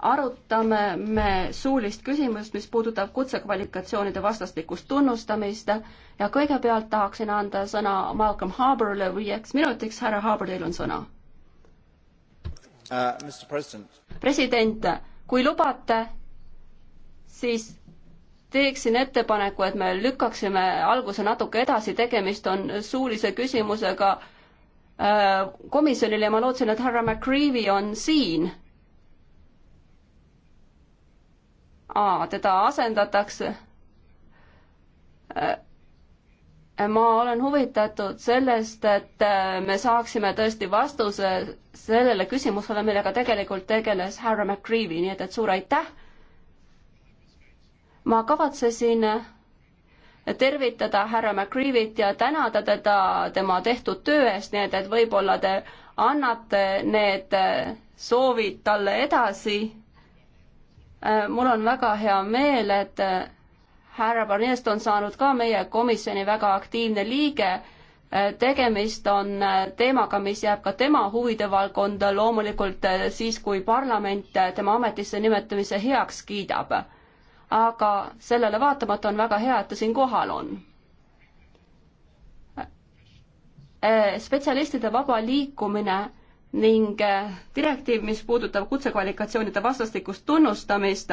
arutame me suulist küsimust, mis puudutab kutsekvalifikatsioonide vastastikust tunnustamist ja kõigepealt tahaksin anda sõna Malcolm Harbourile viieks minutiks, härra Harbour, teil on sõna uh,. president, president, kui lubate, siis teeksin ettepaneku, et me lükkaksime alguse natuke edasi, tegemist on suulise küsimusega uh, komisjonile ja ma lootsin, et härra McCreevy on siin A, teda asendatakse. Äh, ma olen huvitatud sellest, et äh, me saaksime tõesti vastuse sellele küsimusele, millega tegelikult tegeles härra McCreevy, nii et, et suur aitäh. ma kavatsesin äh, tervitada härra McCreevit ja tänada teda tema tehtud töö eest, nii et, et võib-olla te annate need soovid talle edasi Äh, mul on väga hea meel, et äh, härra Barnest on saanud ka meie komisjoni väga aktiivne liige. Äh, tegemist on teemaga, mis jääb ka tema huvide valdkonda loomulikult siis, kui parlament tema ametisse nimetamise heaks kiidab. aga sellele vaatamata on väga hea, et ta siin kohal on. spetsialistide vaba liikumine ning äh, direktiiv, mis puudutab kutsekvalifikatsioonide vastastikust tunnustamist,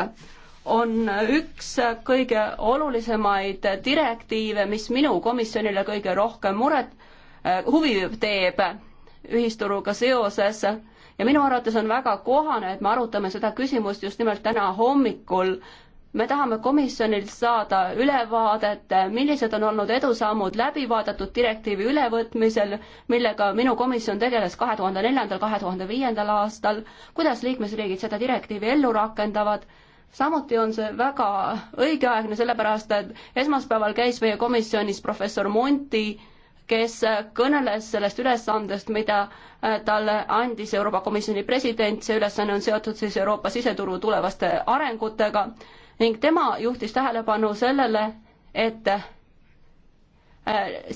on üks kõige olulisemaid direktiive, mis minu komisjonile kõige rohkem muret, äh, huvi teeb ühisturuga seoses ja minu arvates on väga kohane, et me arutame seda küsimust just nimelt täna hommikul me tahame komisjonilt saada ülevaadet, millised on olnud edusammud läbivaadatud direktiivi ülevõtmisel, millega minu komisjon tegeles kahe tuhande neljandal, kahe tuhande viiendal aastal, kuidas liikmesriigid seda direktiivi ellu rakendavad samuti on see väga õigeaegne, sellepärast et esmaspäeval käis meie komisjonis professor Monti, kes kõneles sellest ülesandest, mida äh, talle andis Euroopa Komisjoni president, see ülesanne on seotud siis Euroopa siseturu tulevaste arengutega ning tema juhtis tähelepanu sellele, et äh,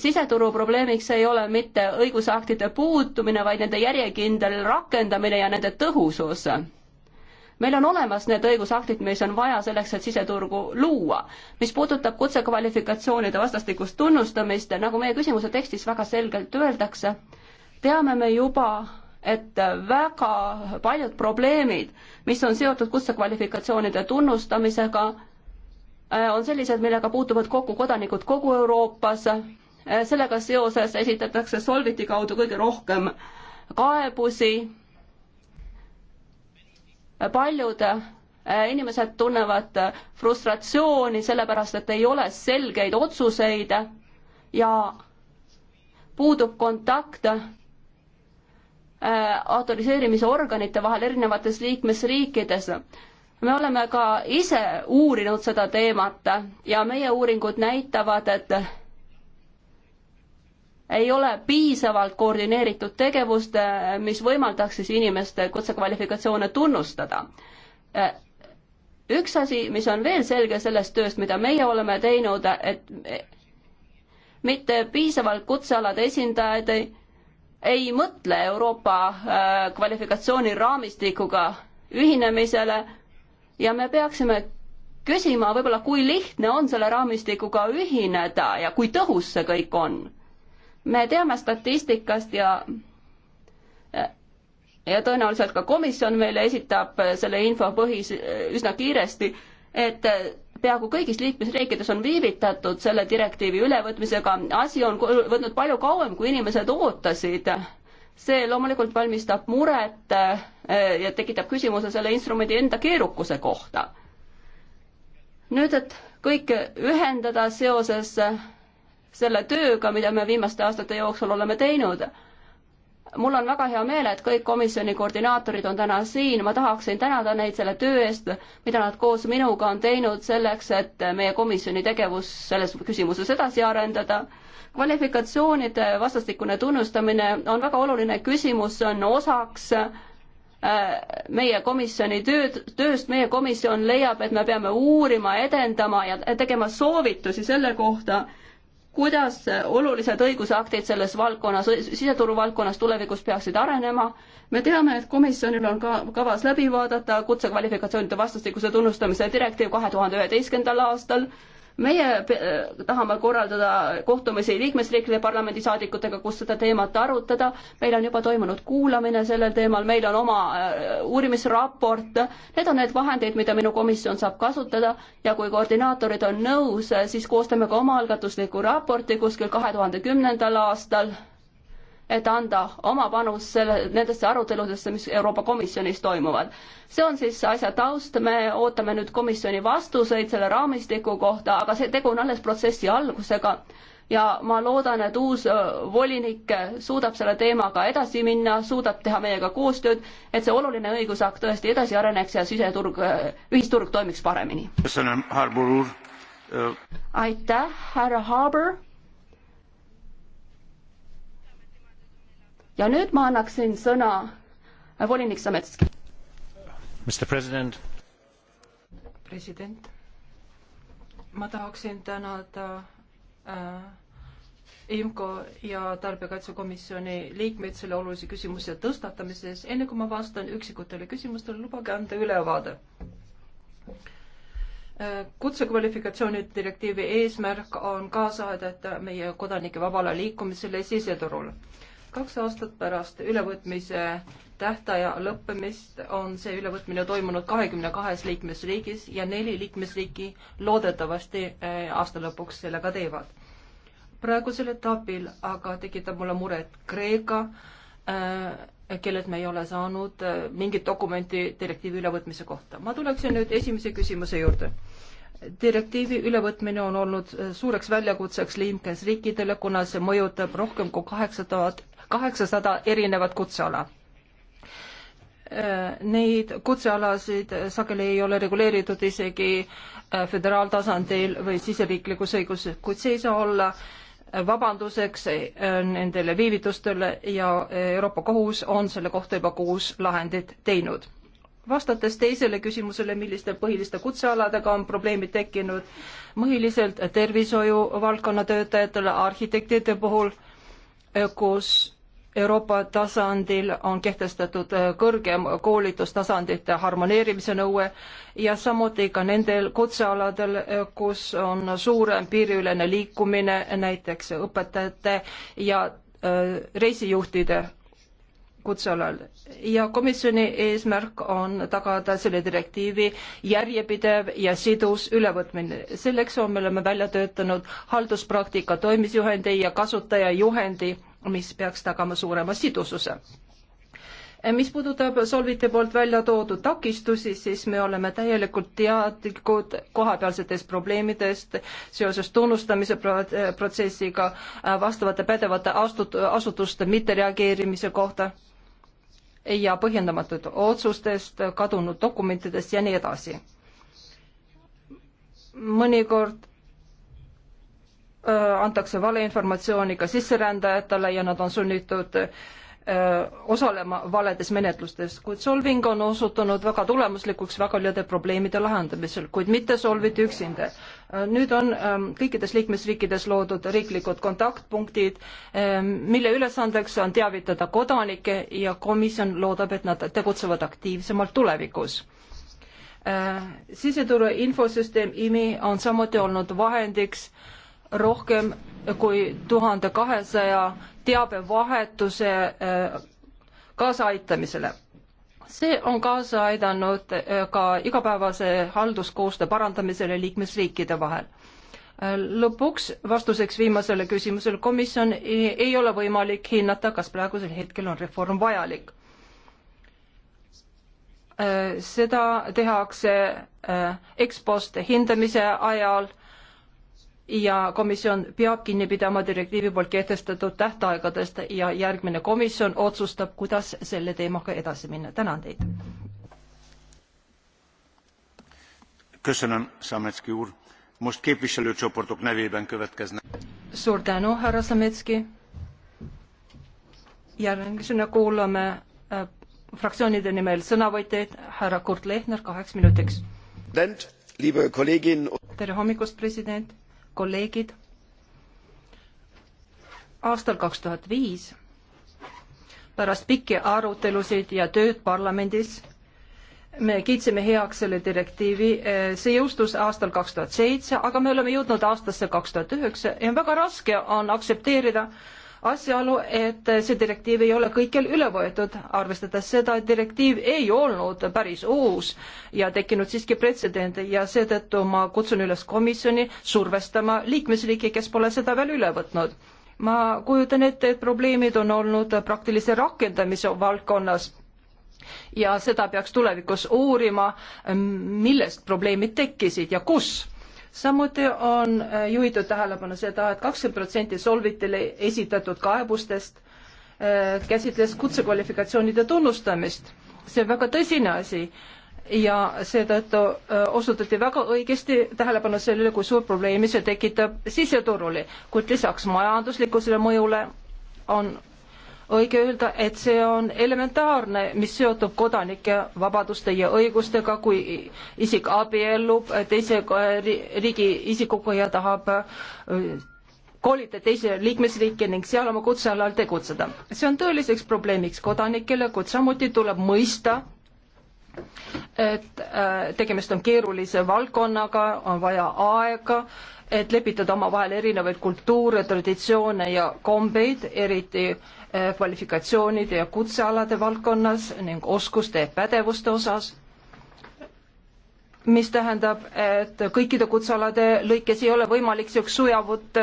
siseturu probleemiks ei ole mitte õigusaktide puutumine, vaid nende järjekindel rakendamine ja nende tõhusus. meil on olemas need õigusaktid, mis on vaja selleks, et siseturgu luua. mis puudutab kutsekvalifikatsioonide vastastikust tunnustamist, nagu meie küsimuse tekstis väga selgelt öeldakse, teame me juba et väga paljud probleemid, mis on seotud kutsekvalifikatsioonide tunnustamisega, äh, on sellised, millega puutuvad kokku kodanikud kogu Euroopas. Äh, sellega seoses esitatakse Solviti kaudu kõige rohkem kaebusi. paljud äh, inimesed tunnevad frustratsiooni sellepärast, et ei ole selgeid otsuseid ja puudub kontakt Äh, autoriseerimisorganite vahel erinevates liikmesriikides. me oleme ka ise uurinud seda teemat ja meie uuringud näitavad, et ei ole piisavalt koordineeritud tegevust, äh, mis võimaldaks siis inimeste kutsekvalifikatsioone tunnustada. Äh, üks asi, mis on veel selge sellest tööst, mida meie oleme teinud, et mitte piisavalt kutsealade esindajaid ei ei mõtle Euroopa äh, kvalifikatsiooniraamistikuga ühinemisele ja me peaksime küsima võib-olla, kui lihtne on selle raamistikuga ühineda ja kui tõhus see kõik on. me teame statistikast ja ja tõenäoliselt ka komisjon meile esitab selle info põhis äh, üsna kiiresti, et äh, peaaegu kõigis liikmesriikides on viivitatud selle direktiivi ülevõtmisega, asi on võtnud palju kauem, kui inimesed ootasid. see loomulikult valmistab muret eh, ja tekitab küsimuse selle instrumendi enda keerukuse kohta. nüüd, et kõik ühendada seoses eh, selle tööga, mida me viimaste aastate jooksul oleme teinud mul on väga hea meel, et kõik komisjoni koordinaatorid on täna siin, ma tahaksin tänada neid selle töö eest, mida nad koos minuga on teinud selleks, et meie komisjoni tegevus selles küsimuses edasi arendada. kvalifikatsioonide vastastikune tunnustamine on väga oluline küsimus, see on osaks äh, meie komisjoni tööd, tööst, meie komisjon leiab, et me peame uurima, edendama ja tegema soovitusi selle kohta, kuidas olulised õigusaktid selles valdkonnas, siseturu valdkonnas tulevikus peaksid arenema. me teame, et komisjonil on ka kavas läbi vaadata kutsekvalifikatsioonide vastastikuse tunnustamise direktiiv kahe tuhande üheteistkümnendal aastal meie äh, tahame korraldada kohtumisi liikmesriikide parlamendisaadikutega, kus seda teemat arutada. meil on juba toimunud kuulamine sellel teemal, meil on oma äh, uurimisraport. Need on need vahendid, mida minu komisjon saab kasutada ja kui koordinaatorid on nõus, äh, siis koostame ka omaalgatusliku raporti kuskil kahe tuhande kümnendal aastal et anda oma panus selle, nendesse aruteludesse, mis Euroopa Komisjonis toimuvad. see on siis asja taust, me ootame nüüd komisjoni vastuseid selle raamistiku kohta, aga see tegu on alles protsessi algusega ja ma loodan, et uus volinik suudab selle teemaga edasi minna, suudab teha meiega koostööd, et see oluline õigusakt tõesti edasi areneks ja siseturg, ühisturg toimiks paremini. aitäh, härra Harbour ja nüüd ma annaksin sõna volinik Sametski. president. president, ma tahaksin tänada äh, IMCO ja Tarbijakaitsekomisjoni liikmeid selle olulise küsimuse tõstatamises. enne kui ma vastan üksikutele küsimustele, lubage anda ülevaade. Äh, kutsekvalifikatsiooni direktiivi eesmärk on kaasa aidata meie kodanike vabale liikumisele siseturul kaks aastat pärast ülevõtmise tähtaja lõppemist on see ülevõtmine toimunud kahekümne kahes liikmesriigis ja neli liikmesriiki loodetavasti eh, aasta lõpuks selle ka teevad. praegusel etapil aga tekitab mulle muret Kreeka, eh, kellelt me ei ole saanud eh, mingit dokumenti direktiivi ülevõtmise kohta. ma tuleksin nüüd esimese küsimuse juurde direktiivi ülevõtmine on olnud suureks väljakutseks liikmesriikidele, kuna see mõjutab rohkem kui kaheksa tuhat kaheksasada erinevat kutseala. Äh, neid kutsealasid sageli ei ole reguleeritud isegi äh, föderaaltasandil või siseriiklikus õiguses, kuid see ei saa olla vabanduseks äh, nendele viivitustele ja Euroopa Kohus on selle kohta juba kuus lahendit teinud. vastates teisele küsimusele, milliste põhiliste kutsealadega on probleemid tekkinud, põhiliselt tervishoiu valdkonna töötajatele, arhitektide puhul, kus Euroopa tasandil on kehtestatud äh, kõrgem koolitustasandite harmoneerimise nõue ja samuti ka nendel kutsealadel, äh, kus on suurem piiriülene liikumine, näiteks õpetajate ja äh, reisijuhtide kutsealal ja komisjoni eesmärk on tagada selle direktiivi järjepidev ja sidus ülevõtmine. selleks on, me oleme välja töötanud halduspraktika toimisjuhendi ja kasutajajuhendi mis peaks tagama suurema sidususe. mis puudutab Solvite poolt välja toodud takistusi, siis me oleme täielikult teadlikud kohapealsetest probleemidest seoses tunnustamise protsessiga, vastavate pädevate astut-, asutuste mittereageerimise kohta ja põhjendamatud otsustest, kadunud dokumentidest ja nii edasi. mõnikord Äh, antakse valeinformatsiooni ka sisserändajatele ja nad on sunnitud äh, osalema valedes menetlustes, kuid solving on osutunud väga tulemuslikuks väga paljude probleemide lahendamisel, kuid mitte solvit üksinda. Äh, nüüd on ähm, kõikides liikmesriikides loodud riiklikud kontaktpunktid, ähm, mille ülesandeks on teavitada kodanikke ja komisjon loodab, et nad tegutsevad aktiivsemalt tulevikus siseturu infosüsteem IMI on samuti olnud vahendiks äh, rohkem kui tuhande kahesaja teabevahetuse äh, kaasaaitamisele. see on kaasa aidanud äh, ka igapäevase halduskoostöö parandamisele liikmesriikide vahel äh, lõpuks vastuseks viimasele küsimusele, komisjon ei ole võimalik hinnata, kas praegusel hetkel on reform vajalik. seda tehakse ekspost hindamise ajal ja komisjon peab kinni pidama direktiivi poolt kehtestatud tähtaegadest ja järgmine komisjon otsustab, kuidas selle teemaga edasi minna. tänan teid. suur tänu, härra Sametski. järgmisena kuulame äh, fraktsioonide nimel sõnavõtjaid, härra Kurt Lehner kaheks minutiks. tere hommikust, president kolleegid, aastal kaks tuhat viis pärast pikki arutelusid ja tööd parlamendis me kiitsime heaks selle direktiivi, see jõustus aastal kaks tuhat seitse, aga me oleme jõudnud aastasse kaks tuhat üheksa ja väga raske on aktsepteerida äh, asjaolu, et see direktiiv ei ole kõikjal üle võetud, arvestades seda, et direktiiv ei olnud päris uus ja tekkinud siiski pretsedente ja seetõttu ma kutsun üles komisjoni survestama liikmesriike, kes pole seda veel üle võtnud. ma kujutan ette, et probleemid on olnud praktilise rakendamise valdkonnas ja seda peaks tulevikus uurima, millest probleemid tekkisid ja kus samuti on äh, juhitud tähelepanu seda et, et kakskümmend protsenti Solvitile esitatud kaebustest äh, käsitles kutsekvalifikatsioonide tunnustamist. see on väga tõsine asi ja seetõttu äh, osutati väga õigesti tähelepanu sellele, kui suur probleemi see tekitab siseturule, kuid lisaks majanduslikule mõjule on õige öelda, et see on elementaarne, mis seotub kodanike vabaduste ja õigustega, kui isik abiellub teise riigi isikuga ja tahab äh, kolida teise liikmesriiki ning seal oma kutsealal tegutseda. see on tõeliseks probleemiks kodanikele, kuid samuti tuleb mõista, et äh, tegemist on keerulise valdkonnaga, on vaja aega, et lepitada omavahel erinevaid kultuure, traditsioone ja kombeid, eriti äh, kvalifikatsioonide ja kutsealade valdkonnas ning oskuste ja pädevuste osas mis tähendab, et kõikide kutsealade lõikes ei ole võimalik niisugust sujavat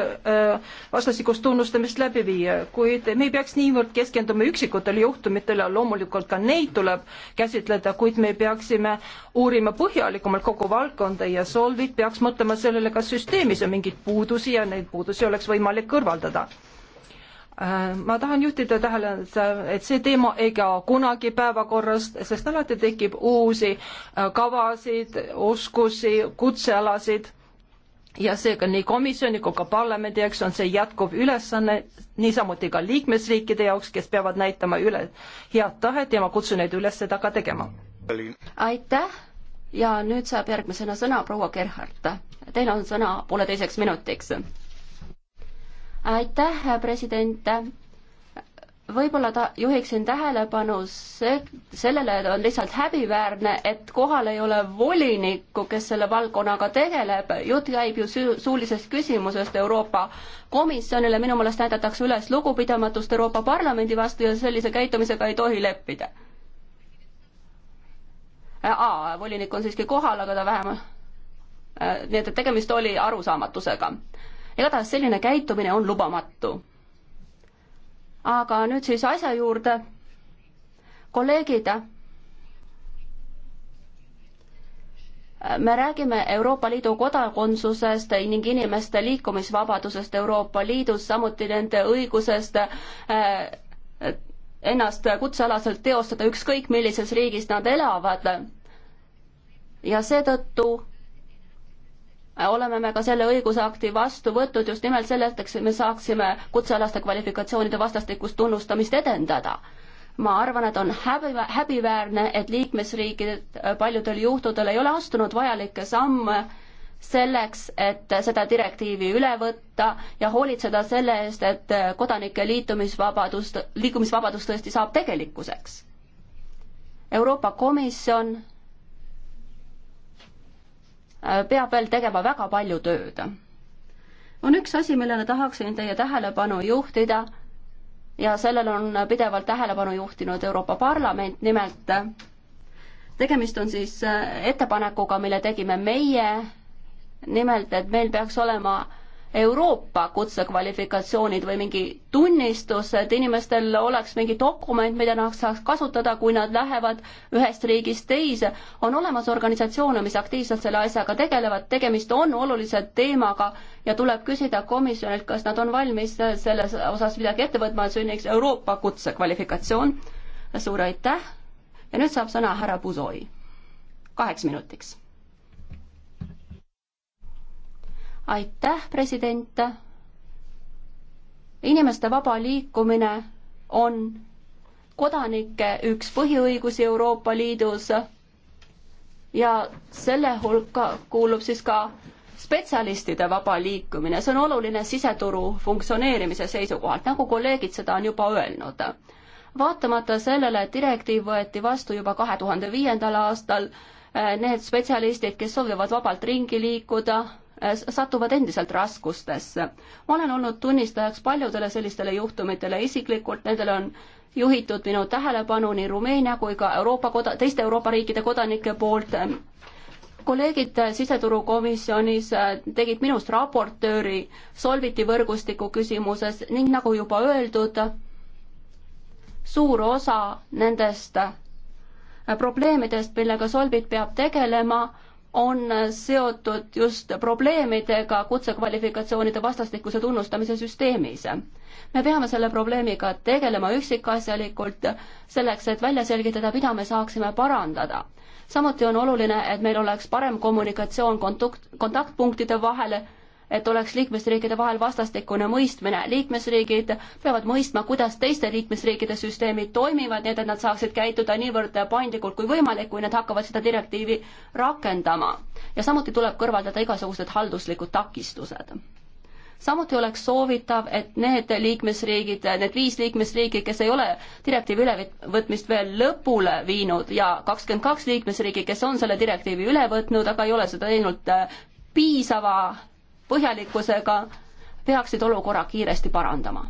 vastastikust tunnustamist läbi viia, kuid me ei peaks niivõrd keskenduma üksikutele juhtumitele, loomulikult ka neid tuleb käsitleda, kuid me peaksime uurima põhjalikumalt kogu valdkonda ja Solvit peaks mõtlema sellele, kas süsteemis on mingeid puudusi ja neid puudusi oleks võimalik kõrvaldada Äh, ma tahan juhtida tähelepanu, et see teema ei kao kunagi päevakorrast, sest alati tekib uusi äh, kavasid, oskusi, kutsealasid ja seega nii komisjoni kui ka parlamendi jaoks on see jätkuv ülesanne, niisamuti ka liikmesriikide jaoks, kes peavad näitama üle head tahet ja ma kutsun neid üles seda ka tegema. aitäh ja nüüd saab järgmisena sõna proua Gerhard. Teil on sõna pooleteiseks minutiks aitäh, president. võib-olla ta, juhiksin tähelepanu se-, sellele, et on lihtsalt häbiväärne, et kohal ei ole volinikku, kes selle valdkonnaga tegeleb. jutt käib ju su-, suulisest küsimusest Euroopa Komisjonile, minu meelest näidatakse üles lugupidamatust Euroopa Parlamendi vastu ja sellise käitumisega ei tohi leppida. volinik on siiski kohal, aga ta vähemalt nii et, et tegemist oli arusaamatusega igatahes selline käitumine on lubamatu. aga nüüd siis asja juurde. kolleegid, me räägime Euroopa Liidu kodakondsusest ning inimeste liikumisvabadusest Euroopa Liidus, samuti nende õigusest eh, ennast kutsealaselt teostada ükskõik millises riigis nad elavad. ja seetõttu oleme me ka selle õigusakti vastu võtnud just nimelt selleks, et me saaksime kutsealaste kvalifikatsioonide vastastikust tunnustamist edendada. ma arvan, et on häbi, häbiväärne, et liikmesriigid äh, paljudel juhtudel ei ole astunud vajalikke samme selleks, et seda direktiivi üle võtta ja hoolitseda selle eest, et äh, kodanike liitumisvabadust, liikumisvabadus tõesti saab tegelikkuseks. Euroopa Komisjon Äh, peab veel tegema väga palju tööd. on üks asi, millele tahaksin teie tähelepanu juhtida ja sellele on pidevalt tähelepanu juhtinud Euroopa Parlament, nimelt äh, tegemist on siis äh, ettepanekuga, mille tegime meie, nimelt et meil peaks olema Euroopa kutsekvalifikatsioonid või mingi tunnistus, et inimestel oleks mingi dokument, mida nad saaks kasutada, kui nad lähevad ühest riigist teise. on olemas organisatsioone, mis aktiivselt selle asjaga tegelevad, tegemist on olulise teemaga ja tuleb küsida komisjonilt, kas nad on valmis selles osas midagi ette võtma, et sünniks Euroopa kutsekvalifikatsioon. suur aitäh ja nüüd saab sõna härra Buzoi kaheks minutiks aitäh, president. inimeste vaba liikumine on kodanike üks põhiõigusi Euroopa Liidus ja selle hulka kuulub siis ka spetsialistide vaba liikumine, see on oluline siseturu funktsioneerimise seisukohalt, nagu kolleegid seda on juba öelnud. vaatamata sellele, et direktiiv võeti vastu juba kahe tuhande viiendal aastal, eh, need spetsialistid, kes soovivad vabalt ringi liikuda, satuvad endiselt raskustesse. ma olen olnud tunnistajaks paljudele sellistele juhtumitele isiklikult, nendele on juhitud minu tähelepanu nii Rumeenia kui ka Euroopa koda-, teiste Euroopa riikide kodanike poolt. kolleegid siseturukomisjonis äh, tegid minust raportööri solviti võrgustiku küsimuses ning nagu juba öeldud, suur osa nendest äh, probleemidest, millega Solvit peab tegelema, on seotud just probleemidega kutsekvalifikatsioonide vastastikuse tunnustamise süsteemis. me peame selle probleemiga tegelema üksikasjalikult, selleks et välja selgitada, mida me saaksime parandada. samuti on oluline, et meil oleks parem kommunikatsioon kontakt, kontaktpunktide vahel et oleks liikmesriikide vahel vastastikune mõistmine. liikmesriigid peavad mõistma, kuidas teiste liikmesriikide süsteemid toimivad, nii et nad saaksid käituda niivõrd paindlikult kui võimalik, kui nad hakkavad seda direktiivi rakendama. ja samuti tuleb kõrvaldada igasugused halduslikud takistused samuti oleks soovitav, et need liikmesriigid, need viis liikmesriiki, kes ei ole direktiivi ülevõtmist veel lõpule viinud ja kakskümmend kaks liikmesriiki, kes on selle direktiivi üle võtnud, aga ei ole seda teinud äh, piisava põhjalikkusega, peaksid olukorra kiiresti parandama.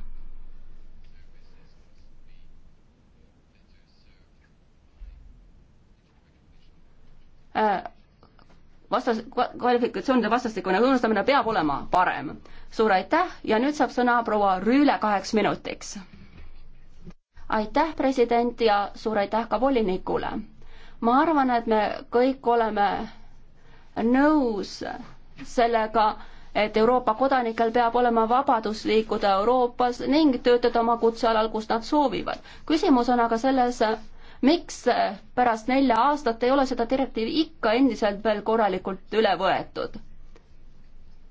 Äh, vastas, kvalifikatsioonide vastastikune tunnustamine peab olema parem. suur aitäh ja nüüd saab sõna proua Rüüle kaheks minutiks. aitäh, president, ja suur aitäh ka volinikule. ma arvan, et me kõik oleme nõus sellega, et Euroopa kodanikel peab olema vabadus liikuda Euroopas ning töötada oma kutsealal, kus nad soovivad. küsimus on aga selles, miks pärast nelja aastat ei ole seda direktiivi ikka endiselt veel korralikult üle võetud?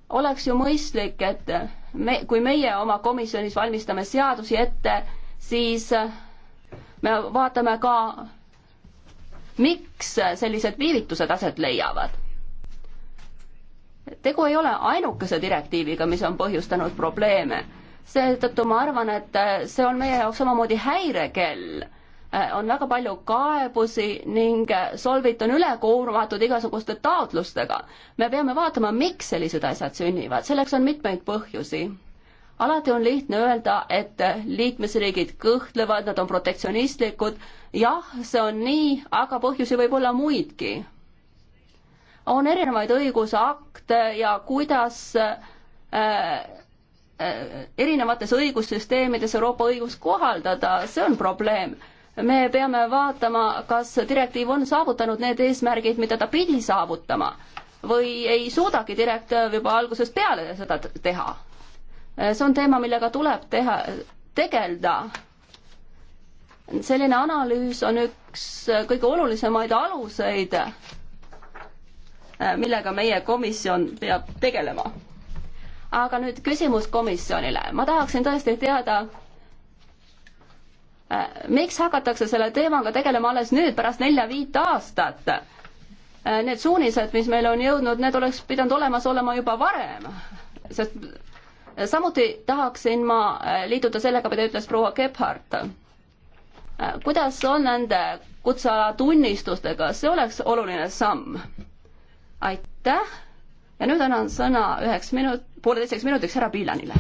oleks ju mõistlik, et me, kui meie oma komisjonis valmistame seadusi ette, siis me vaatame ka, miks sellised viivitused aset leiavad tegu ei ole ainukese direktiiviga, mis on põhjustanud probleeme. seetõttu ma arvan, et äh, see on meie jaoks samamoodi häirekell. Äh, on väga palju kaebusi ning äh, Solvit on üle koormatud igasuguste taotlustega. me peame vaatama, miks sellised asjad sünnivad, selleks on mitmeid põhjusi alati on lihtne öelda, et liikmesriigid kõhklevad, nad on protektsionistlikud. jah, see on nii, aga põhjusi võib olla muidki on erinevaid õigusakte ja kuidas äh, äh, erinevates õigussüsteemides Euroopa õigust kohaldada, see on probleem. me peame vaatama, kas direktiiv on saavutanud need eesmärgid, mida ta pidi saavutama või ei suudagi direktiiv juba algusest peale seda teha. Äh, see on teema, millega tuleb teha, tegeleda. selline analüüs on üks kõige olulisemaid aluseid Äh, millega meie komisjon peab tegelema. aga nüüd küsimus komisjonile. ma tahaksin tõesti teada, äh, miks hakatakse selle teemaga tegelema alles nüüd, pärast nelja-viit aastat? Äh, need suunised, mis meile on jõudnud, need oleks pidanud olemas olema juba varem, sest samuti tahaksin ma liituda sellega, mida ütles proua Gebhardt. kuidas on nende kutseala tunnistustega, see oleks oluline samm aitäh ja nüüd annan sõna üheks minut, pooleteiseks minutiks härra Pilanile.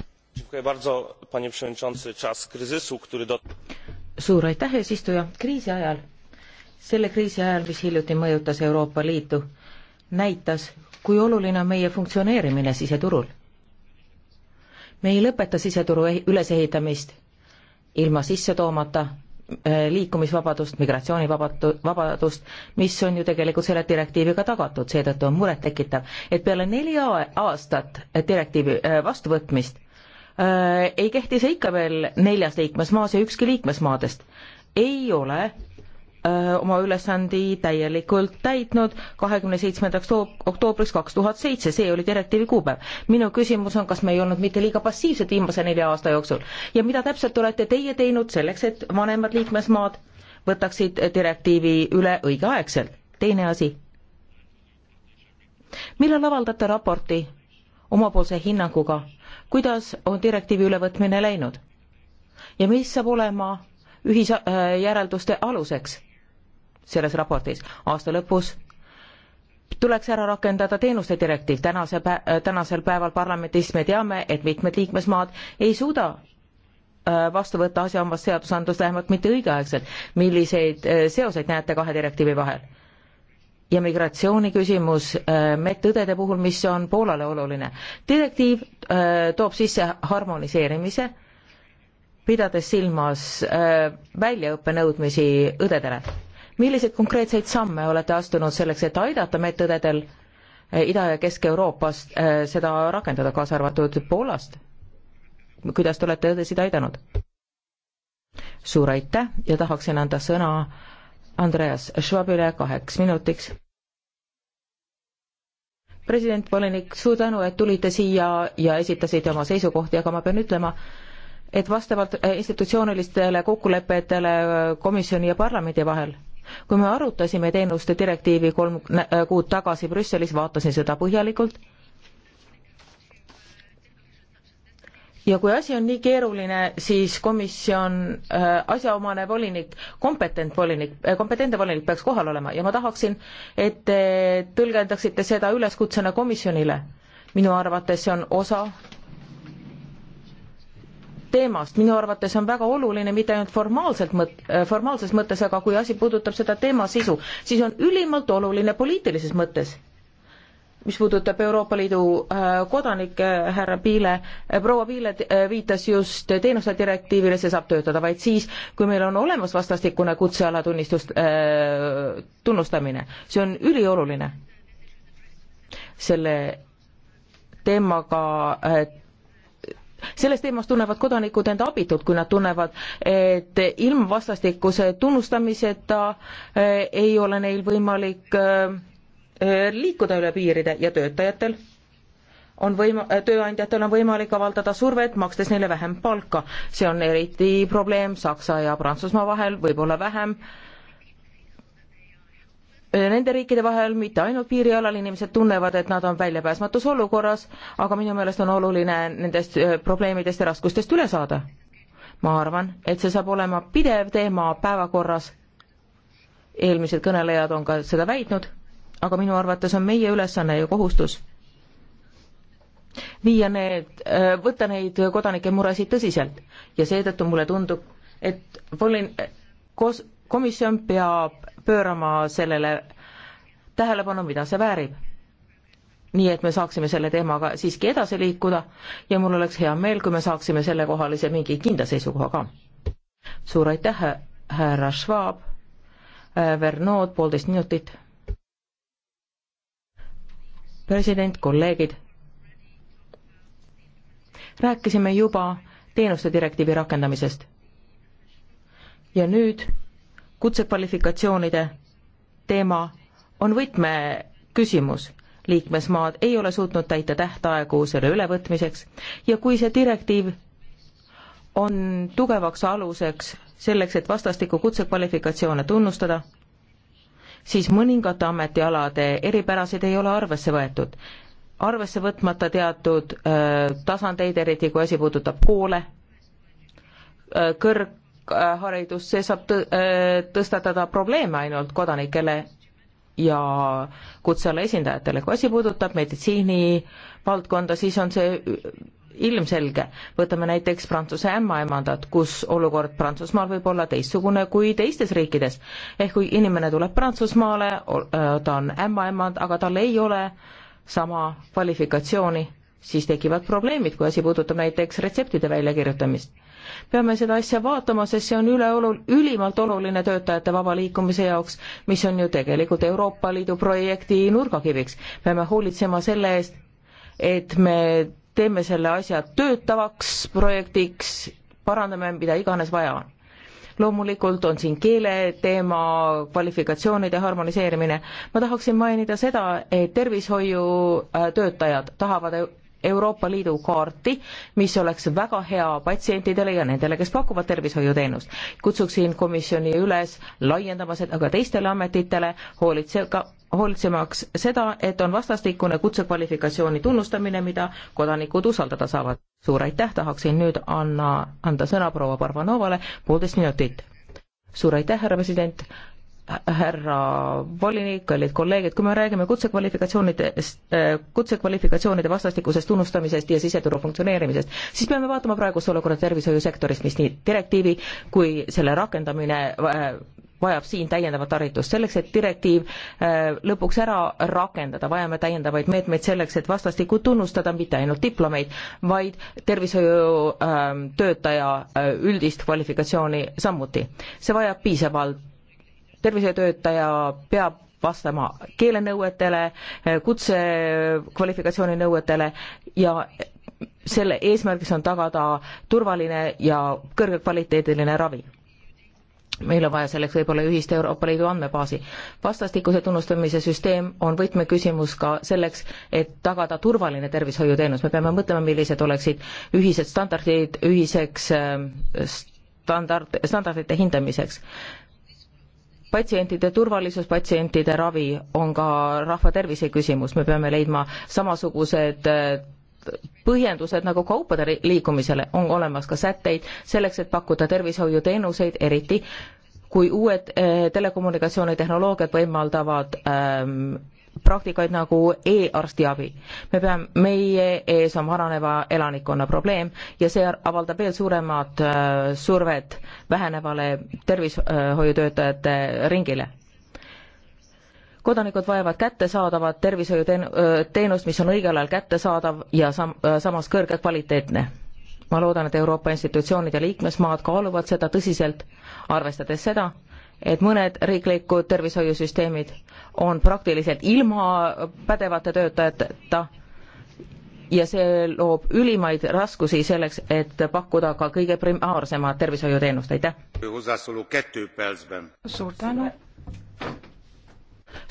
suur aitäh, eesistuja, kriisi ajal, selle kriisi ajal, mis hiljuti mõjutas Euroopa Liitu, näitas, kui oluline on meie funktsioneerimine siseturul. me ei lõpeta siseturu ülesehitamist ilma sisse toomata Äh, liikumisvabadust, migratsioonivabadust, vabadust, mis on ju tegelikult selle direktiiviga tagatud, seetõttu on murettekitav, et peale neli aastat direktiivi äh, vastuvõtmist äh, ei kehti see ikka veel neljas liikmesmaas ja ükski liikmesmaadest ei ole oma ülesandi täielikult täitnud kahekümne seitsmendaks oktoobriks kaks tuhat seitse, see oli direktiivi kuupäev. minu küsimus on, kas me ei olnud mitte liiga passiivsed viimase nelja aasta jooksul ja mida täpselt olete teie teinud selleks, et vanemad liikmesmaad võtaksid direktiivi üle õigeaegselt? teine asi, millal avaldate raporti omapoolse hinnanguga, kuidas on direktiivi ülevõtmine läinud ja mis saab olema ühisjärelduste äh, aluseks? selles raportis. aasta lõpus tuleks ära rakendada teenuste direktiiv, tänase pä-, äh, tänasel päeval parlamendis me teame, et mitmed liikmesmaad ei suuda äh, vastu võtta asjaomast seadusandlust vähemalt mitte õigeaegselt. milliseid äh, seoseid näete kahe direktiivi vahel? ja migratsiooni küsimus medõdede puhul, mis on Poolale oluline. direktiiv toob sisse harmoniseerimise, pidades silmas väljaõppe nõudmisi õdedele milliseid konkreetseid samme olete astunud selleks, et aidata medõdedel eh, Ida- ja Kesk-Euroopas eh, seda rakendada, kaasa arvatud Poolast? kuidas te olete õdesid aidanud? suur aitäh ja tahaksin anda sõna Andreas Schwabile kaheks minutiks president Volinik, suur tänu, et tulite siia ja esitasite oma seisukohti, aga ma pean ütlema, et vastavalt eh, institutsioonilistele kokkulepetele komisjoni ja parlamendi vahel kui me arutasime teenuste direktiivi kolm äh, kuud tagasi Brüsselis, vaatasin seda põhjalikult. ja kui asi on nii keeruline, siis komisjon, äh, asjaomane volinik, kompetent volinik, äh, kompetentne volinik peaks kohal olema ja ma tahaksin, et te tõlgendaksite seda üleskutsena komisjonile. minu arvates see on osa teemast, minu arvates on väga oluline mitte ainult formaalselt mõt-, äh, formaalses mõttes, aga kui asi puudutab seda teema sisu, siis on ülimalt oluline poliitilises mõttes. mis puudutab Euroopa Liidu äh, kodanikke, äh, härra Piile, proua Piile viitas just teenuste direktiivile, see saab töötada vaid siis, kui meil on olemas vastastikune kutseala tunnistus äh,, tunnustamine. see on ülioluline. selle teemaga äh, sellest teemast tunnevad kodanikud end abitult, kui nad tunnevad, et ilma vastastikuse tunnustamiseta eh, ei ole neil võimalik eh, eh, liikuda üle piiride ja töötajatel on võima-, tööandjatel on võimalik avaldada survet, makstes neile vähem palka. see on eriti probleem Saksa ja Prantsusmaa vahel, võib-olla vähem äh, nende riikide vahel, mitte ainult piirialal, inimesed tunnevad, et nad on väljapääsmatus olukorras, aga minu meelest on oluline nendest probleemidest ja raskustest üle saada. ma arvan, et see saab olema pidev teema päevakorras. eelmised kõnelejad on ka seda väitnud, aga minu arvates on meie ülesanne ja kohustus viia need, võtta neid kodanike muresid tõsiselt ja seetõttu mulle tundub, et volin-, koos, komisjon peab pöörama sellele tähelepanu, mida see väärib. nii et me saaksime selle teemaga siiski edasi liikuda ja mul oleks hea meel, kui me saaksime sellekohalise mingi kindla seisukoha ka. suur aitäh, härra Schwab, Vernood, poolteist minutit. president, kolleegid, rääkisime juba teenuste direktiivi rakendamisest ja nüüd kutsekvalifikatsioonide teema on võtmeküsimus. liikmesmaad ei ole suutnud täita tähtaegu selle ülevõtmiseks ja kui see direktiiv on tugevaks aluseks selleks, et vastastikku kutsekvalifikatsioone tunnustada, siis mõningate ametialade eripärasid ei ole arvesse võetud. arvesse võtmata teatud öö, äh, tasandeid, eriti kui asi puudutab koole, äh, kõrg, haridus, see saab äh, tõstatada probleeme ainult kodanikele ja kutseala esindajatele. kui asi puudutab meditsiini valdkonda, siis on see ilmselge. võtame näiteks Prantsuse ämmaemandat, kus olukord Prantsusmaal võib olla teistsugune kui teistes riikides. ehk kui inimene tuleb Prantsusmaale, äh, ta on ämmaemand, aga tal ei ole sama kvalifikatsiooni, siis tekivad probleemid, kui asi puudutab näiteks retseptide väljakirjutamist peame seda asja vaatama, sest see on üleolul-, ülimalt oluline töötajate vaba liikumise jaoks, mis on ju tegelikult Euroopa Liidu projekti nurgakiviks. peame hoolitsema selle eest, et me teeme selle asja töötavaks projektiks, parandame, mida iganes vaja on loomulikult on siin keele teema, kvalifikatsioonide harmoniseerimine. ma tahaksin mainida seda, et tervishoiutöötajad äh, tahavad Euroopa Liidu kaarti, mis oleks väga hea patsientidele ja nendele, kes pakuvad tervishoiuteenust. kutsuksin komisjoni üles laiendama seda ka teistele ametitele, hoolitsega, hoolitsemaks seda, et on vastastikune kutsekvalifikatsiooni tunnustamine, mida kodanikud usaldada saavad. suur aitäh, tahaksin nüüd anna, anda sõna proua Barbanovale, poolteist minutit. suur aitäh, härra president, härra volinik, kallid kolleegid, kui me räägime kutsekvalifikatsioonidest, äh, kutsekvalifikatsioonide vastastikusest tunnustamisest ja siseturu funktsioneerimisest, siis peame vaatama praegust olukorda tervishoiusektoris, mis nii direktiivi kui selle rakendamine äh, vajab siin täiendavat haridust. selleks, et direktiiv äh, lõpuks ära rakendada, vajame täiendavaid meetmeid selleks, et vastastikku tunnustada mitte ainult diplomeid, vaid tervishoiutöötaja üldist kvalifikatsiooni samuti. see vajab piisavalt tervishoiutöötaja peab vastama keelenõuetele, kutsekvalifikatsiooni nõuetele ja selle eesmärgiks on tagada turvaline ja kõrgekvaliteediline ravi. meil on vaja selleks võib-olla ühist Euroopa Liidu andmebaasi. vastastikuse tunnustamise süsteem on võtmeküsimus ka selleks, et tagada turvaline tervishoiuteenus. me peame mõtlema, millised oleksid ühised standardid ühiseks äh, standard, standardite hindamiseks patsientide turvalisus, patsientide ravi on ka rahva tervise küsimus, me peame leidma samasugused äh, põhjendused nagu kaupade liikumisele, on olemas ka sätteid selleks, et pakkuda tervishoiuteenuseid, eriti kui uued äh, telekommunikatsioonitehnoloogiad võimaldavad ähm, praktikaid nagu e-arstiabi. me peame, meie ees on vananeva elanikkonna probleem ja see avaldab veel suuremat äh, survet vähenevale tervishoiutöötajate äh, ringile kodanikud vajavad kättesaadavat tervishoiuteenust, äh, mis on õigel ajal kättesaadav ja sam-, äh, samas kõrge kvaliteetne. ma loodan, et Euroopa institutsioonid ja liikmesmaad kaaluvad seda tõsiselt, arvestades seda, et mõned riiklikud tervishoiusüsteemid on praktiliselt ilma pädevate töötajateta ja see loob ülimaid raskusi selleks, et pakkuda ka kõige primaarsemat tervishoiuteenust, aitäh! suur tänu!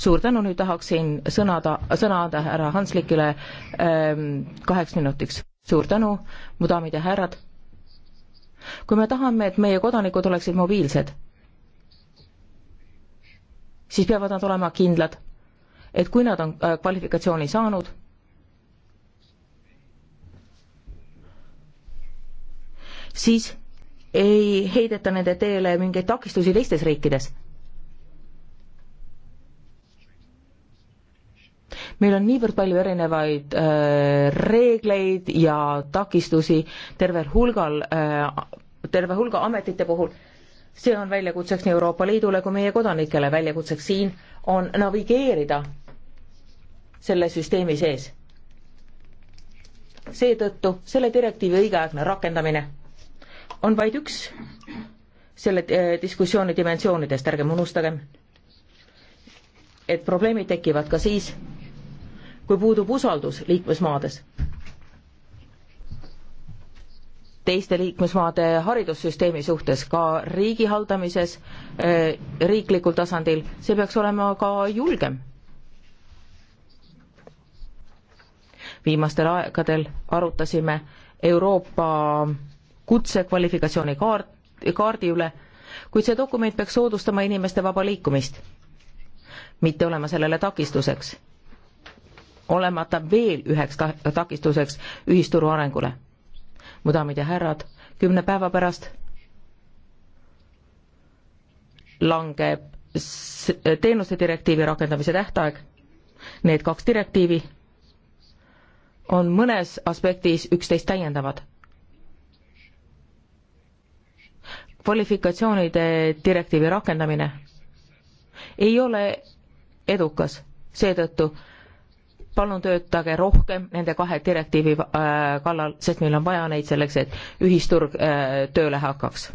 suur tänu, nüüd tahaksin sõnada, sõna anda härra Hanslikile ähm, kaheks minutiks. suur tänu, mu daamid ja härrad! kui me tahame, et meie kodanikud oleksid mobiilsed siis peavad nad olema kindlad, et kui nad on äh, kvalifikatsiooni saanud, siis ei heideta nende teele mingeid takistusi teistes riikides. meil on niivõrd palju erinevaid äh, reegleid ja takistusi tervel hulgal äh,, terve hulga ametite puhul see on väljakutseks nii Euroopa Liidule kui meie kodanikele, väljakutseks siin on navigeerida selle süsteemi sees. seetõttu selle direktiivi õigeaegne rakendamine on vaid üks selle eh, diskussiooni dimensioonidest, ärgem unustagem, et probleemid tekivad ka siis, kui puudub usaldus liikmesmaades teiste liikmesmaade haridussüsteemi suhtes, ka riigi haldamises, eh, riiklikul tasandil, see peaks olema ka julgem. viimastel aegadel arutasime Euroopa kutsekvalifikatsiooni kaart, kaardi üle, kuid see dokument peaks soodustama inimeste vaba liikumist, mitte olema sellele takistuseks olemata veel üheks takistuseks ühisturu arengule mu daamid ja härrad, kümne päeva pärast langeb teenuste direktiivi rakendamise tähtaeg. Need kaks direktiivi on mõnes aspektis üksteist täiendavad. kvalifikatsioonide direktiivi rakendamine ei ole edukas seetõttu, palun töötage rohkem nende kahe direktiivi äh, kallal, sest meil on vaja neid selleks, et ühisturg äh, tööle hakkaks.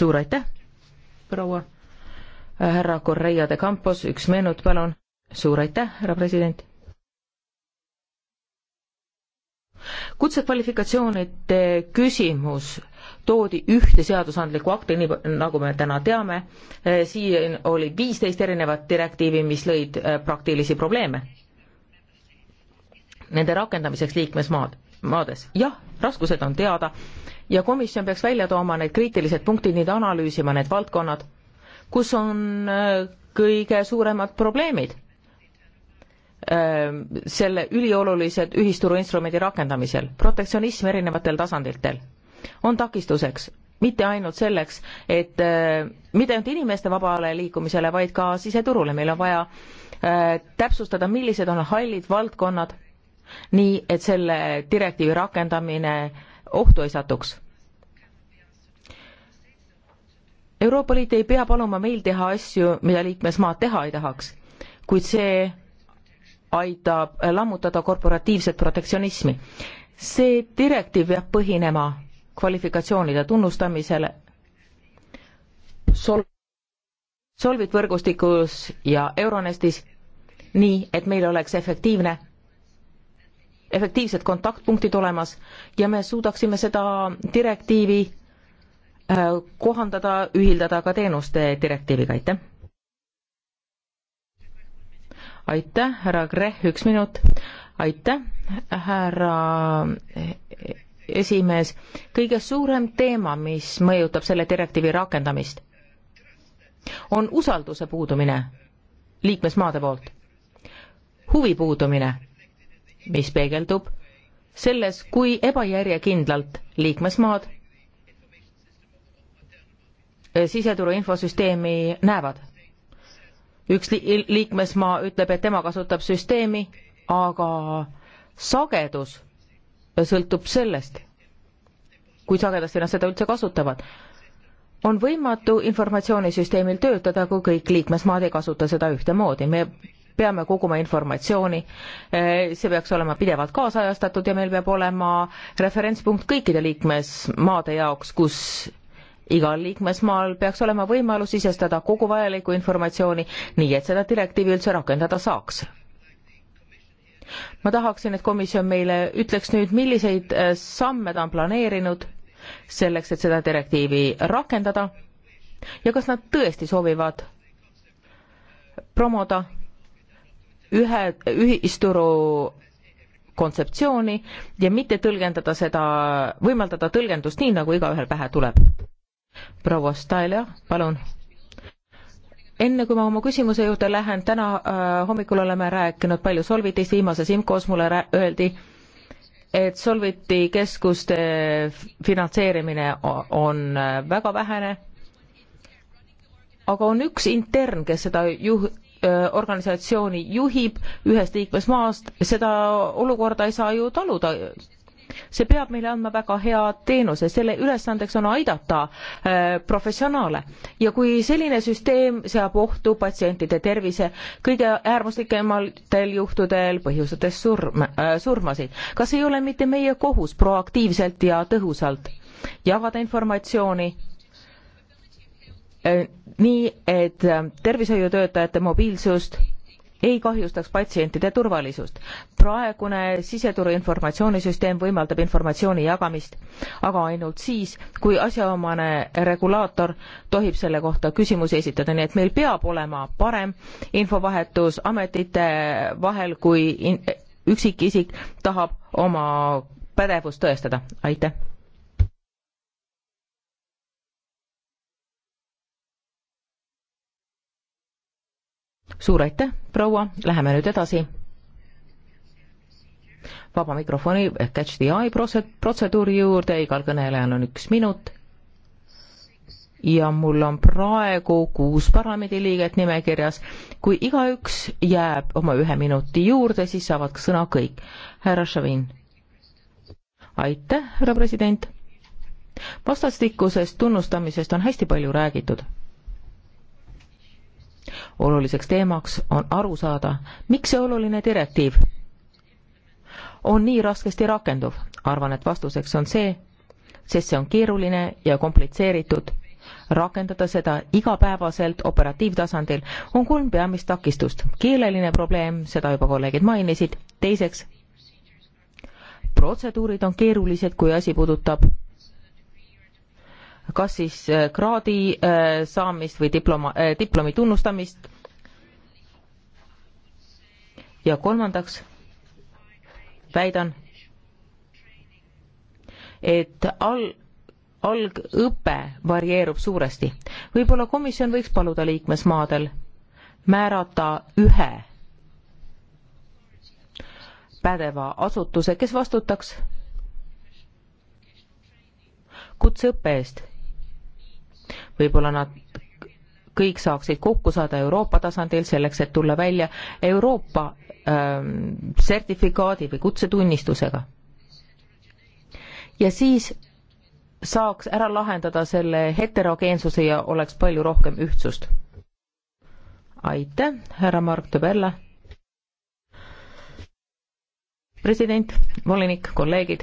suur aitäh, proua. Äh, härra Correia de Campos, üks minut, palun. suur aitäh, härra president. kutsekvalifikatsioonide küsimus toodi ühte seadusandlikku akti, nii nagu me täna teame, eh, siin oli viisteist erinevat direktiivi, mis lõid eh, praktilisi probleeme nende rakendamiseks liikmesmaad, maades. jah, raskused on teada ja komisjon peaks välja tooma need kriitilised punktid, nüüd analüüsima need valdkonnad, kus on eh, kõige suuremad probleemid selle üliolulised ühisturuinstrumendi rakendamisel, protektsionism erinevatel tasanditel on takistuseks mitte ainult selleks, et äh, mitte ainult inimeste vabale liikumisele, vaid ka siseturule, meil on vaja äh, täpsustada, millised on hallid valdkonnad, nii et selle direktiivi rakendamine ohtu ei satuks Euroopa Liit ei pea paluma meil teha asju, mida liikmesmaad teha ei tahaks, kuid see aitab lammutada korporatiivset protektsionismi. see direktiiv peab põhinema kvalifikatsioonide tunnustamisele sol-, Solvit võrgustikus ja Euronestis, nii et meil oleks efektiivne, efektiivsed kontaktpunktid olemas ja me suudaksime seda direktiivi äh, kohandada, ühildada ka teenuste direktiiviga, aitäh. aitäh, härra Kreh, üks minut. aitäh, härra esimees, kõige suurem teema, mis mõjutab selle direktiivi rakendamist, on usalduse puudumine liikmesmaade poolt, huvi puudumine, mis peegeldub selles, kui ebajärjekindlalt liikmesmaad siseturu infosüsteemi näevad üks liikmesmaa ütleb, et tema kasutab süsteemi, aga sagedus sõltub sellest, kui sagedasti nad seda üldse kasutavad. on võimatu informatsioonisüsteemil töötada, kui kõik liikmesmaad ei kasuta seda ühtemoodi. me peame koguma informatsiooni, eh, see peaks olema pidevalt kaasajastatud ja meil peab olema referentspunkt kõikide liikmesmaade jaoks, kus igal liikmesmaal peaks olema võimalus sisestada kogu vajalikku informatsiooni, nii et seda direktiivi üldse rakendada saaks ma tahaksin, et komisjon meile ütleks nüüd, milliseid äh, samme ta on planeerinud selleks, et seda direktiivi rakendada ja kas nad tõesti soovivad promoda ühe, ühisturu kontseptsiooni ja mitte tõlgendada seda, võimaldada tõlgendust nii, nagu igaühel pähe tuleb. proua Stalja, palun enne kui ma oma küsimuse juurde lähen, täna äh, hommikul oleme rääkinud palju Solvitist, viimases IMCO-s mulle rää-, öeldi, et Solviti keskuste finantseerimine on äh, väga vähene, aga on üks intern, kes seda juh-, äh, organisatsiooni juhib ühest liikmesmaast, seda olukorda ei saa ju taluda see peab meile andma väga hea teenuse, selle ülesandeks on aidata äh, professionaale ja kui selline süsteem seab ohtu patsientide tervise kõige äärmuslikumatel juhtudel põhjustades surm, äh, surmasid, kas ei ole mitte meie kohus proaktiivselt ja tõhusalt jagada informatsiooni äh, nii, et tervishoiutöötajate mobiilsust ei kahjustaks patsientide turvalisust. praegune siseturu informatsioonisüsteem võimaldab informatsiooni jagamist, aga ainult siis, kui asjaomane regulaator tohib selle kohta küsimusi esitada, nii et meil peab olema parem infovahetus ametite vahel, kui üksikisik tahab oma pädevust tõestada. aitäh! suur aitäh, proua, läheme nüüd edasi. vaba mikrofoni ehk catch the eye protseduuri juurde, igal kõnelejal on üks minut. ja mul on praegu kuus parlamendiliiget nimekirjas. kui igaüks jääb oma ühe minuti juurde, siis saavad sõna kõik. härra Šavin. aitäh, härra president vastastikusest tunnustamisest on hästi palju räägitud oluliseks teemaks on aru saada, miks see oluline direktiiv on nii raskesti rakenduv. arvan, et vastuseks on see, sest see on keeruline ja komplitseeritud. rakendada seda igapäevaselt operatiivtasandil on kolm peamist takistust. keeleline probleem, seda juba kolleegid mainisid, teiseks, protseduurid on keerulised, kui asi puudutab kas siis äh, kraadi äh, saamist või diploma, äh, diplomi tunnustamist. ja kolmandaks väidan, et all algõpe varieerub suuresti. võib-olla komisjon võiks paluda liikmesmaadel määrata ühe pädeva asutuse, kes vastutaks kutseõppe eest võib-olla nad kõik saaksid kokku saada Euroopa tasandil selleks, et tulla välja Euroopa ähm, sertifikaadi või kutsetunnistusega. ja siis saaks ära lahendada selle heterogeensuse ja oleks palju rohkem ühtsust. aitäh, härra Mark Tobella. president, volinik, kolleegid.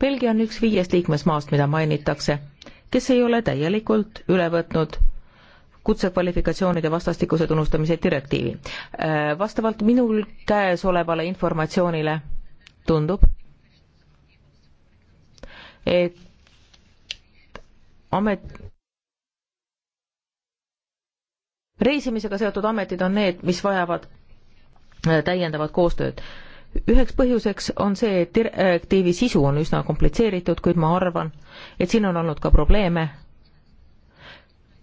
Belgia on üks viiest liikmesmaast, mida mainitakse kes ei ole täielikult üle võtnud kutsekvalifikatsioonide vastastikuse tunnustamise direktiivi. Äh, vastavalt minul käesolevale informatsioonile tundub, et amet, reisimisega seotud ametid on need, mis vajavad äh, täiendavat koostööd üheks põhjuseks on see, et direktiivi sisu on üsna komplitseeritud, kuid ma arvan, et siin on olnud ka probleeme.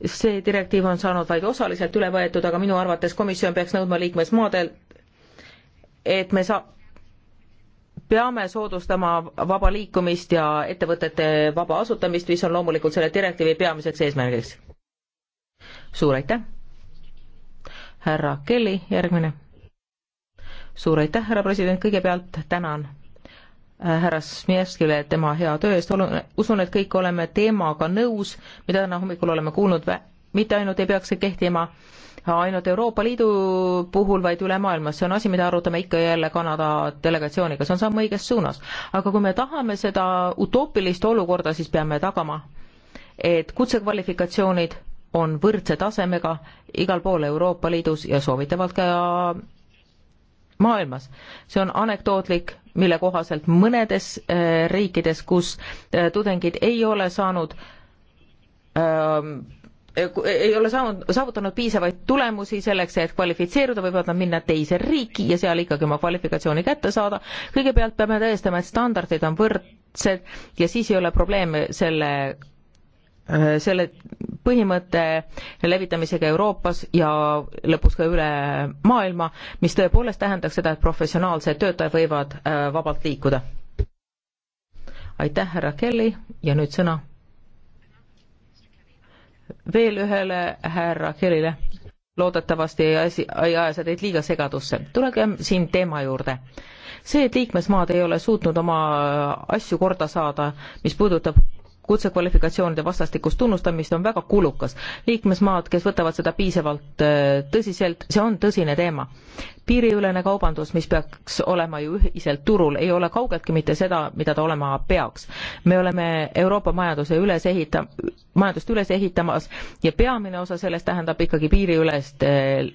see direktiiv on saanud vaid osaliselt üle võetud, aga minu arvates komisjon peaks nõudma liikmesmaadel, et me saa-, peame soodustama vaba liikumist ja ettevõtete vaba asutamist, mis on loomulikult selle direktiivi peamiseks eesmärgiks. suur aitäh! härra Kelly, järgmine suur aitäh, härra president, kõigepealt tänan äh, härra Smirskile tema hea töö eest, usun, et kõik oleme teemaga nõus, mida täna hommikul oleme kuulnud, mitte ainult ei peaks see kehtima ainult Euroopa Liidu puhul, vaid üle maailma, see on asi, mida arutame ikka ja jälle Kanada delegatsiooniga, see on samm õiges suunas. aga kui me tahame seda utoopilist olukorda, siis peame tagama, et kutsekvalifikatsioonid on võrdse tasemega igal pool Euroopa Liidus ja soovitavalt ka maailmas. see on anekdootlik, mille kohaselt mõnedes äh, riikides, kus äh, tudengid ei ole saanud ähm, äh, ei ole saanud, saavutanud piisavaid tulemusi selleks, et kvalifitseeruda, võivad nad minna teise riiki ja seal ikkagi oma kvalifikatsiooni kätte saada. kõigepealt peame tõestama, et standardid on võrdsed ja siis ei ole probleeme selle, selle põhimõtte levitamisega Euroopas ja lõpuks ka üle maailma, mis tõepoolest tähendaks seda, et professionaalsed töötajad võivad äh, vabalt liikuda. aitäh, härra Kelly ja nüüd sõna veel ühele härra Kellile. loodetavasti ei asi, ei aja see teid liiga segadusse. tulge siin teema juurde. see, et liikmesmaad ei ole suutnud oma asju korda saada, mis puudutab kutsekvalifikatsioonide vastastikust tunnustamist on väga kulukas. liikmesmaad, kes võtavad seda piisavalt äh, tõsiselt, see on tõsine teema. piiriülene kaubandus, mis peaks olema ju ühiselt turul, ei ole kaugeltki mitte seda, mida ta olema peaks. me oleme Euroopa majanduse üles ehita-, majandust üles ehitamas ja peamine osa sellest tähendab ikkagi piiriülest äh,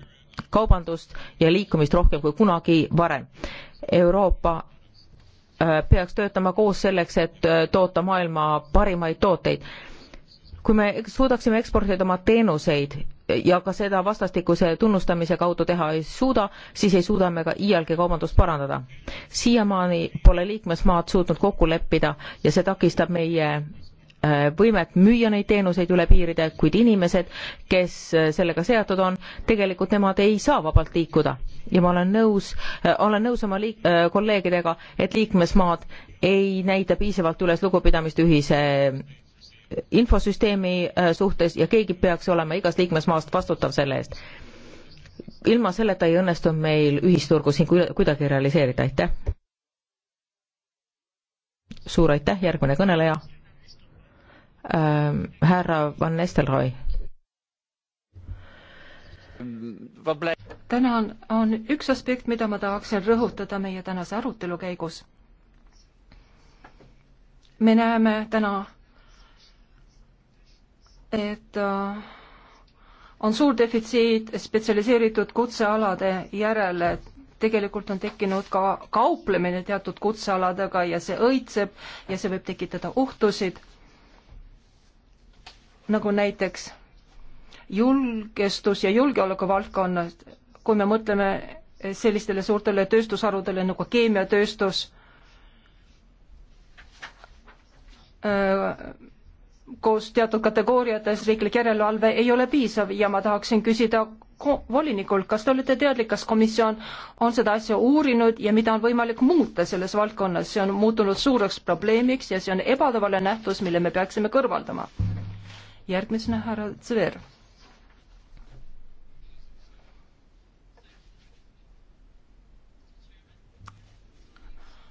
kaubandust ja liikumist rohkem kui kunagi varem. Euroopa Äh, peaks töötama koos selleks, et äh, toota maailma parimaid tooteid. kui me suudaksime eksportida oma teenuseid ja ka seda vastastikuse tunnustamise kaudu teha ei suuda, siis ei suuda me ka iialgi kaubandust parandada. siiamaani pole liikmesmaad suutnud kokku leppida ja see takistab meie Äh, võimet müüa neid teenuseid üle piiride, kuid inimesed, kes äh, sellega seotud on, tegelikult nemad ei saa vabalt liikuda. ja ma olen nõus, äh, olen nõus oma liik-, kolleegidega, et liikmesmaad ei näita piisavalt üles lugupidamist ühise infosüsteemi suhtes ja keegi peaks olema igast liikmesmaast vastutav selle eest. ilma selleta ei õnnestu meil ühisturgu siin kuidagi realiseerida, aitäh! suur aitäh, järgmine kõneleja Ähm, härra Van Nistelrooy. tänan, on üks aspekt, mida ma tahaksin rõhutada meie tänase arutelu käigus. me näeme täna, et äh, on suur defitsiit spetsialiseeritud kutsealade järele, tegelikult on tekkinud ka kauplemine teatud kutsealadega ja see õitseb ja see võib tekitada ohtusid nagu näiteks julgestus ja julgeoleku valdkonnas, kui me mõtleme sellistele suurtele tööstusharudele nagu keemiatööstus, koos teatud kategooriates riiklik järelevalve ei ole piisav ja ma tahaksin küsida volinikult, kas te olete teadlik, kas komisjon on seda asja uurinud ja mida on võimalik muuta selles valdkonnas, see on muutunud suureks probleemiks ja see on ebatavaline nähtus, mille me peaksime kõrvaldama järgmisena härra Zver.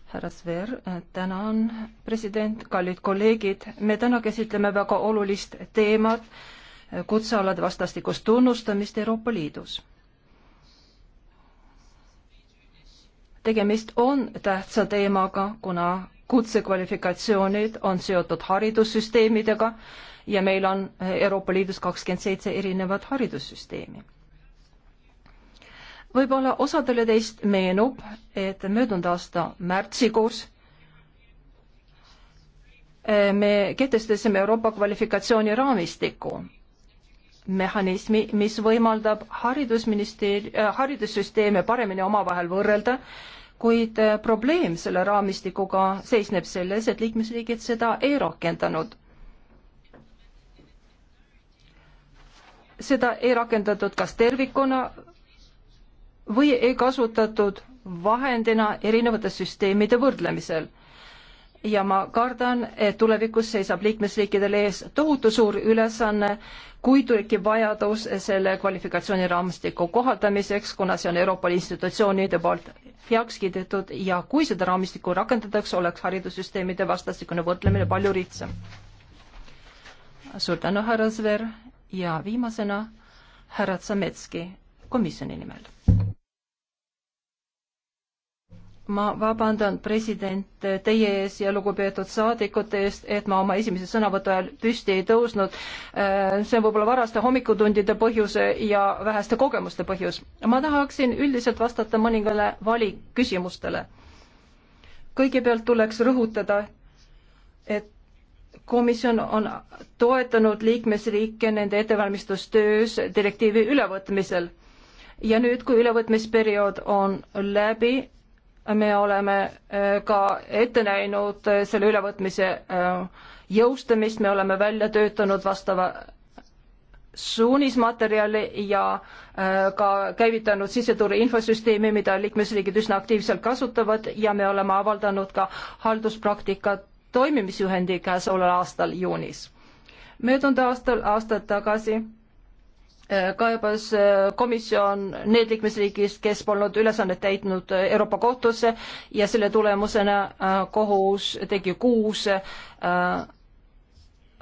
härra Zver, tänan, president, kallid kolleegid, me täna käsitleme väga olulist teemat, kutsealade vastastikust tunnustamist Euroopa Liidus tegemist on tähtsa teemaga, kuna kutsekvalifikatsioonid on seotud haridussüsteemidega ja meil on Euroopa Liidus kakskümmend seitse erinevat haridussüsteemi. võib-olla osadele teist meenub, et möödunud aasta märtsikuus me kehtestasime Euroopa kvalifikatsiooniraamistiku mehhanismi, mis võimaldab haridusministeeri-, haridussüsteeme paremini omavahel võrrelda, kuid probleem selle raamistikuga seisneb selles, et liikmesriigid seda ei rakendanud. seda ei rakendatud kas tervikuna või ei kasutatud vahendina erinevate süsteemide võrdlemisel. ja ma kardan, et tulevikus seisab liikmesriikidel ees tohutu suur ülesanne, kui tekib vajadus selle kvalifikatsiooniraamistiku kohaldamiseks, kuna see on Euroopa institutsioonide poolt heaks kiidetud ja kui seda raamistikku rakendatakse, oleks haridussüsteemide vastastikune võrdlemine palju lihtsam. suur tänu, härra Sver ja viimasena härra Tsametski komisjoni nimel. ma vabandan, president, teie ees ja lugupeetud saadikute eest, et ma oma esimese sõnavõtu ajal püsti ei tõusnud. Äh, see on võib-olla varaste hommikutundide põhjuse ja väheste kogemuste põhjus. ma tahaksin üldiselt vastata mõningale valikküsimustele. kõigepealt tuleks rõhutada, et komisjon on toetanud liikmesriike nende ettevalmistustöös direktiivi ülevõtmisel ja nüüd, kui ülevõtmisperiood on läbi, me oleme äh, ka ette näinud äh, selle ülevõtmise äh, jõustamist, me oleme välja töötanud vastava suunismaterjali ja ka käivitanud siseturu infosüsteemi, mida liikmesriigid üsna aktiivselt kasutavad ja me oleme avaldanud ka halduspraktikat toimimisjuhendi käesoleval aastal juunis. möödunud aastal, aastaid tagasi äh, kaebas äh, komisjon need liikmesriigist, kes polnud ülesannet täitnud äh, Euroopa kohtusse ja selle tulemusena kohus tegi kuus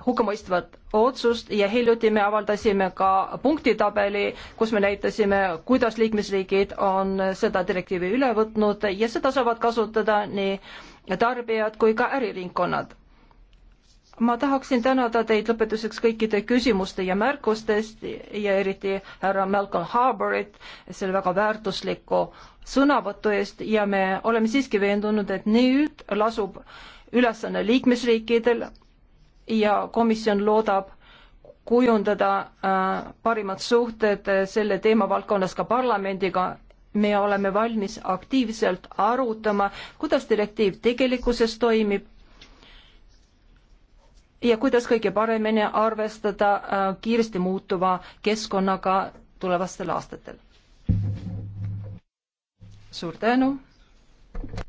hukkamõistvat otsust ja hiljuti me avaldasime ka punktitabeli, kus me näitasime, kuidas liikmesriigid on seda direktiivi üle võtnud ja seda saavad kasutada nii tarbijad kui ka äriringkonnad. ma tahaksin tänada teid lõpetuseks kõikide küsimuste ja märkustest ja eriti härra Malcolm Harbourit selle väga väärtusliku sõnavõtu eest ja me oleme siiski veendunud, et nüüd lasub ülesanne liikmesriikidel ja komisjon loodab kujundada äh, parimad suhted äh, selle teemavaldkonnas ka parlamendiga. me oleme valmis aktiivselt arutama, kuidas direktiiv tegelikkuses toimib ja kuidas kõige paremini arvestada äh, kiiresti muutuva keskkonnaga tulevastel aastatel. suur tänu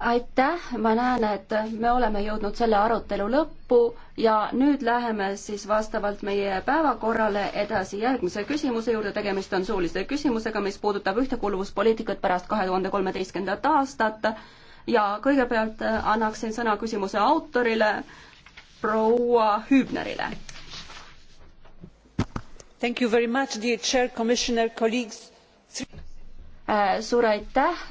aitäh, ma näen, et me oleme jõudnud selle arutelu lõppu ja nüüd läheme siis vastavalt meie päevakorrale edasi järgmise küsimuse juurde, tegemist on suulise küsimusega, mis puudutab ühtekuuluvuspoliitikat pärast kahe tuhande kolmeteistkümnendat aastat ja kõigepealt annaksin sõna küsimuse autorile, proua Hübnerile. Thank you very much, dear chair, commissioner, colleagues. Äh, suur aitäh